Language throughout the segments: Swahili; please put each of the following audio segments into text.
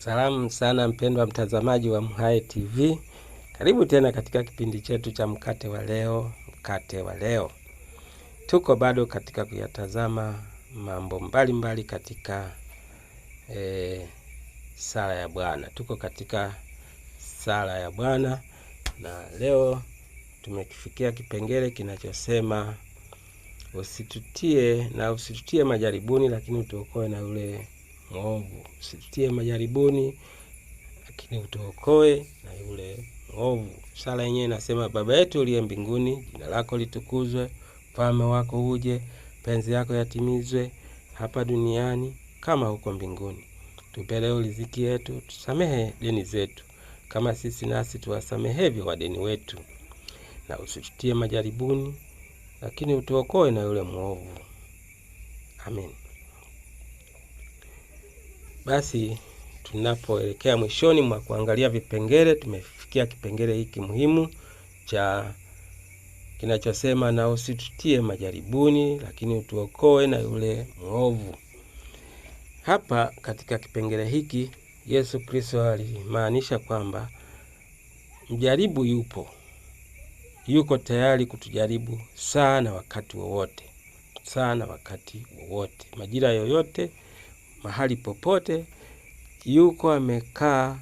Salamu sana mpendwa mtazamaji wa MHAE TV, karibu tena katika kipindi chetu cha mkate wa leo. Mkate wa leo, tuko bado katika kuyatazama mambo mbalimbali mbali katika e, sala ya Bwana. Tuko katika sala ya Bwana na leo tumekifikia kipengele kinachosema usitutie na usitutie majaribuni, lakini utuokoe na yule mwovu, usitie majaribuni, lakini utuokoe na yule mwovu. Sala yenyewe inasema: Baba yetu uliye mbinguni, jina lako litukuzwe, ufalme wako uje, penzi yako yatimizwe hapa duniani kama huko mbinguni. Tupe leo riziki yetu, tusamehe deni zetu kama sisi nasi tuwasamehevyo wadeni wetu, na usitutie majaribuni, lakini utuokoe na yule mwovu. Amen. Basi tunapoelekea mwishoni mwa kuangalia vipengele, tumefikia kipengele hiki muhimu cha kinachosema na usitutie majaribuni, lakini utuokoe na yule mwovu. Hapa katika kipengele hiki Yesu Kristo alimaanisha kwamba mjaribu yupo, yuko tayari kutujaribu sana, wakati wowote, sana, wakati wowote, majira yoyote mahali popote, yuko amekaa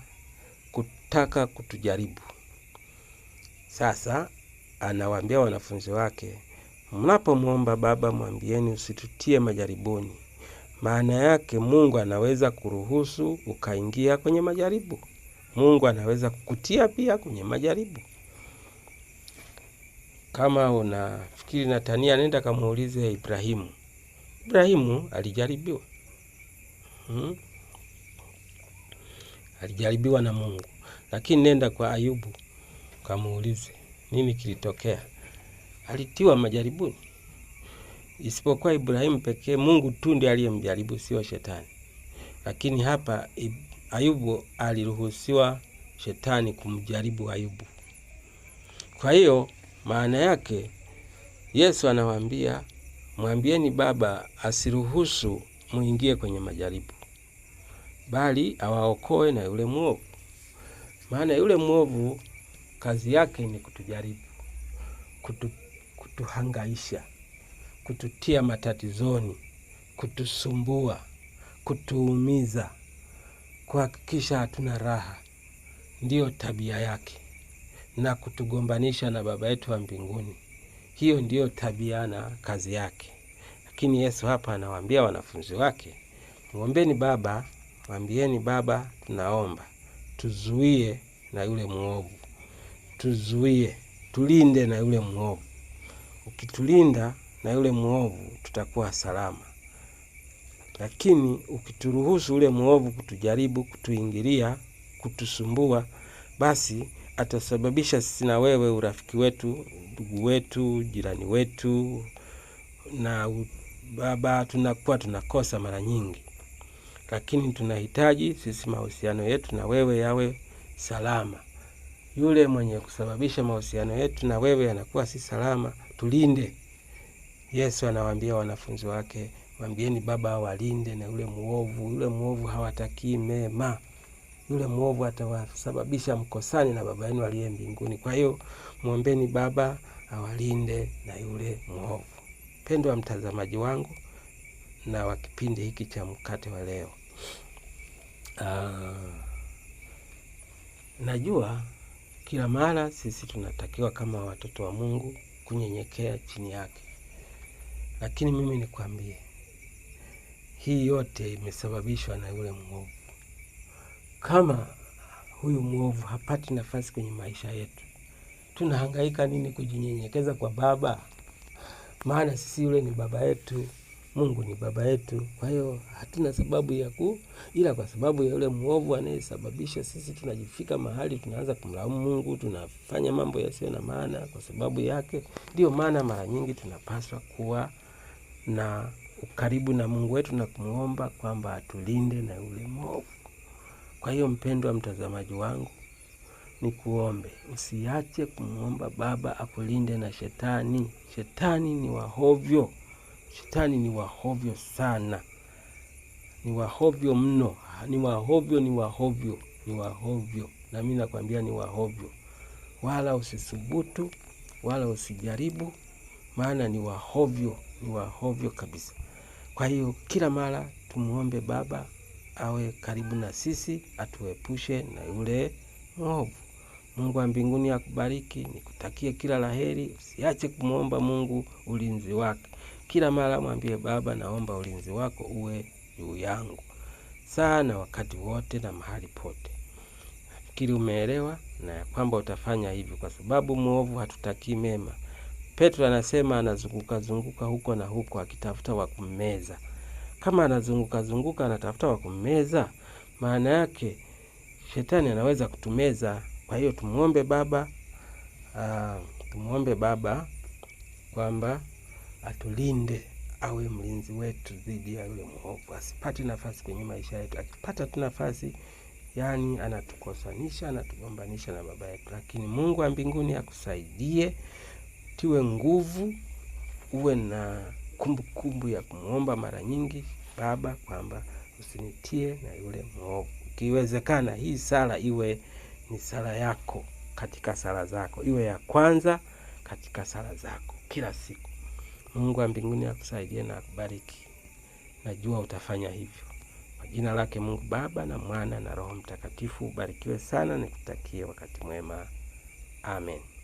kutaka kutujaribu. Sasa anawaambia wanafunzi wake, mnapomwomba Baba mwambieni usitutie majaribuni. Maana yake Mungu anaweza kuruhusu ukaingia kwenye majaribu. Mungu anaweza kukutia pia kwenye majaribu. Kama unafikiri Natania, nenda kamuulize Ibrahimu. Ibrahimu alijaribiwa hmm? Alijaribiwa na Mungu, lakini nenda kwa Ayubu kamuulize nini kilitokea. Alitiwa majaribuni, isipokuwa Ibrahimu pekee. Mungu tu ndiye aliyemjaribu, sio shetani. Lakini hapa Ayubu aliruhusiwa shetani kumjaribu Ayubu. Kwa hiyo maana yake Yesu anawaambia, mwambieni Baba asiruhusu muingie kwenye majaribu bali awaokoe na yule mwovu. Maana yule mwovu kazi yake ni kutujaribu, kutu, kutuhangaisha, kututia matatizoni, kutusumbua, kutuumiza, kuhakikisha hatuna raha. Ndiyo tabia yake, na kutugombanisha na Baba yetu wa mbinguni. Hiyo ndiyo tabia na kazi yake. Lakini Yesu hapa anawaambia wanafunzi wake, mwombeni Baba mwambieni Baba, tunaomba tuzuie na yule mwovu, tuzuie, tulinde na yule mwovu. Ukitulinda na yule mwovu tutakuwa salama, lakini ukituruhusu yule mwovu kutujaribu, kutuingilia, kutusumbua, basi atasababisha sisi na wewe urafiki wetu, ndugu wetu, jirani wetu na Baba, tunakuwa tunakosa mara nyingi lakini tunahitaji sisi mahusiano yetu na wewe yawe salama. Yule mwenye kusababisha mahusiano yetu na wewe yanakuwa si salama, tulinde. Yesu anawaambia wanafunzi wake, mwambieni Baba awalinde na yule muovu. Yule mwovu hawatakii mema, yule mwovu atawasababisha mkosani na Baba yenu aliye mbinguni. Kwa hiyo mwombeni Baba awalinde na yule mwovu pendwa mtazamaji wangu na wa kipindi hiki cha Mkate wa Leo, Uh, najua kila mara sisi tunatakiwa kama watoto wa Mungu kunyenyekea chini yake, lakini mimi nikwambie, hii yote imesababishwa na yule mwovu. Kama huyu mwovu hapati nafasi kwenye maisha yetu, tunahangaika nini kujinyenyekeza kwa Baba? Maana sisi yule ni baba yetu. Mungu ni baba yetu, kwa hiyo hatuna sababu ya ku, ila kwa sababu ya yule mwovu anayesababisha sisi tunajifika mahali tunaanza kumlaumu Mungu, tunafanya mambo yasiyo na maana kwa sababu yake. Ndiyo maana mara nyingi tunapaswa kuwa na ukaribu na Mungu wetu na kumwomba kwamba atulinde na yule mwovu. Kwa hiyo mpendwa mtazamaji wangu, nikuombe usiache kumwomba Baba akulinde na shetani. Shetani ni wahovyo. Shetani ni wahovyo sana, ni wahovyo mno, ni wahovyo, ni wahovyo, ni wahovyo. Na mimi nakwambia ni wahovyo, wala usisubutu wala usijaribu, maana ni wahovyo, ni wahovyo kabisa. Kwa hiyo kila mara tumwombe Baba awe karibu na sisi, atuepushe na yule mwovu. Mungu wa mbinguni akubariki, nikutakie kila laheri. Usiache kumwomba Mungu ulinzi wake. Kila mara mwambie Baba, naomba ulinzi wako uwe juu yangu sana wakati wote na mahali pote. Nafikiri umeelewa na ya kwamba utafanya hivyo, kwa sababu mwovu hatutaki mema. Petro anasema anazunguka zunguka huko na huko akitafuta wa kummeza. Kama anazunguka zunguka anatafuta wa kummeza, maana yake shetani anaweza kutumeza. Kwa hiyo tumwombe Baba, uh, tumwombe Baba kwamba atulinde, awe mlinzi wetu dhidi ya yule mwovu, asipate nafasi kwenye maisha yetu. Akipata tu nafasi, yani anatukosanisha, anatugombanisha na baba yetu. Lakini Mungu wa mbinguni akusaidie, tiwe nguvu, uwe na kumbukumbu kumbu ya kumwomba mara nyingi Baba kwamba usinitie na yule mwovu. Ikiwezekana hii sala iwe ni sala yako katika sala zako, iwe ya kwanza katika sala zako kila siku. Mungu wa mbinguni akusaidie na akubariki. Najua utafanya hivyo. Kwa jina lake Mungu Baba na Mwana na Roho Mtakatifu, ubarikiwe sana. Nikutakie wakati mwema. Amen.